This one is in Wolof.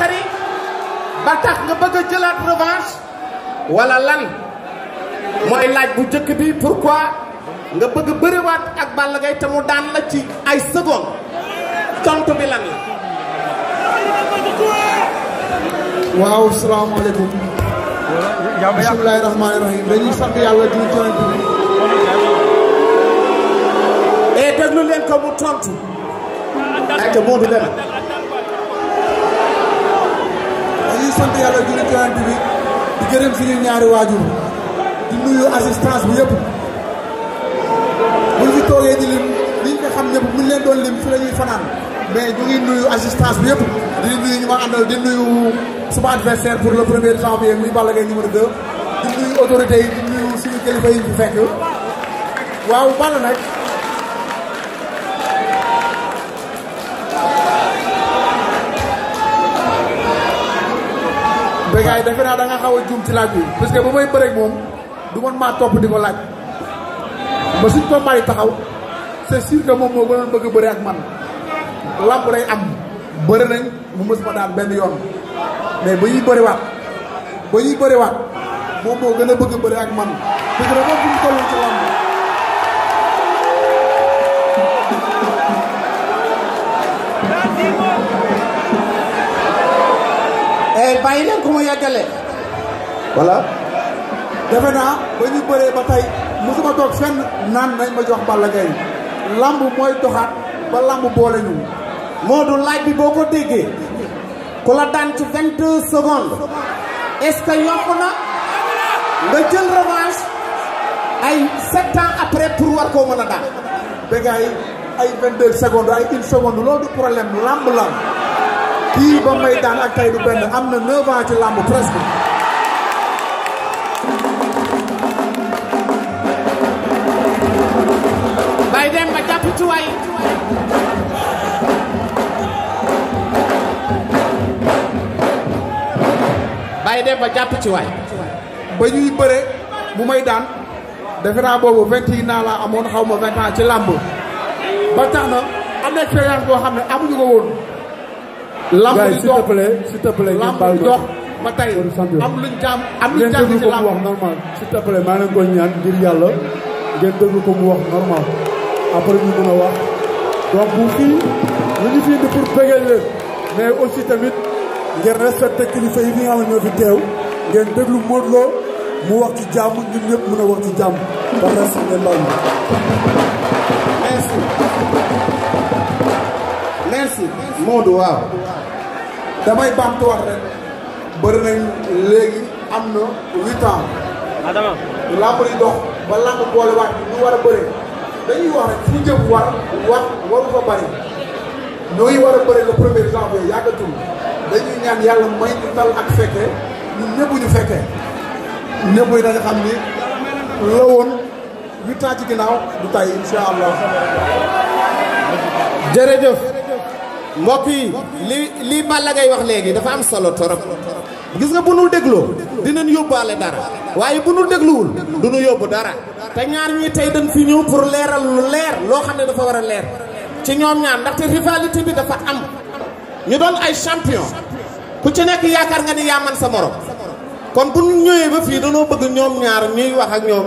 naqari ba tax nga bëgg a jëlaat revanche wala lan mooy laaj bu njëkk bi pourquoi nga bëgg bëriwaat ak Balla Gaye te mu daan la ci ay seconde tontu bi lan la. waaw salaamaaleykum. bismillaahi rahmaani rahiim dañuy sant yàlla di joint bi. et déglu leen ko mu tontu. ayca moo du demee. grand bi di gërëm ñaari waajur di nuyu assistance bi yëpp buñ fi toogee di lim liñ ko xam ñëpp buñ leen doon lim fi la ñuy fanaan mais ñu ngi nuyu assistance bi yëpp di nuyu ñu ma àndal di nuyu suma adversaire pour le premier janvier muy Balla Gaye numéro 2 di nuyu autorités yi di nuyu suñu kilifa yi fekk waaw Balla nag. te gars yi defe naa da nga xaw a juum ci laaj bi parce que bu may bëreeg moom du man maa topp di ko laaj ba suñ ko may taxaw c'est sûr que moom moo gënoon bëgg bëri ak man lamb lay am bëri nañ mu mës ma daan benn yoon mais ba ñuy bëriwaat ba ñuy bëriwaat moom moo gën a bëgg bëri ak man parce que dafa fu mu toll ci lamb bàyyi leen ko mu yeggale voilà defe naa ba ñu bëree ba tey mosuma toog fenn naan nañ ma jox Balla Gaye lamb mooy doxaat ba lamb boole ñu moo du laaj bi boo ko déggee ku la daan ci vingt deux secondes est-ce que yokk na nga jël revanche ay sept ans après pour war koo mën a daan bégaay ay vingt deux secondes ay une seconde loolu du problème lamb la kii ba may daan ak tey du benn am na 9 ans ci làmb presque. Baye Demba jàpp ci waay. Baye Demba jàpp ci waay. ba bëre mu may daan defe boobu vingt naa laa amoon xaw ma vingt ans ci làmb ba tax am na expérience boo xam ne amuñu ko woon. lamb dox s'il te plaît s'il te plaît lamb dox ba tey am luñ jàmm am luñ jàng ci lamb wax normal s'il te plaît maa leen koy ñaan ngir yàlla ngeen déglu ko mu wax normal après ñu mën a wax donc fii ñu ngi fii di pour bëggee leen mais aussi tamit ngeen respecté kilifa yi nga xam ne ñoo fi teew ngeen déglu Modou Lo mu wax ci jàmm ñun ñëpp mën a wax ci jàmm ba merci ngeen baal merci merci Modou waaw damay bamtuwaat rek bëri nañ léegi am na huit ans. du làmb yi dox ba làmb boolewaat ñu war a bëri dañuy wax rek fu ñu jëm war wax waru fa bëri war a bëri le premier janvier yàggatul dañuy ñaan yàlla may ñu tal ak fekke ñun ñëpp ñu fekkee ñëpp yi dañu xam ni ci ginnaaw du tay incha allah jërëjëf mbokk yi li lii la Gaye wax léegi dafa am solo torop gis nga bu nu dégloo dinañ yóbbaale dara waaye bu nu dégluwul du nu yóbbu dara te ñaar ñuy tey dañ fi ñëw pour leeral lu leer loo xam ne dafa war a leer ci ñoom ñaar ndaxte rivalité bi dafa am ñu doon ay champion ku ci nekk yaakaar nga ni yaa man sa morom kon bu ñu ñëwee ba fii danoo bëgg ñoom ñaar ñuy wax ak ñoom.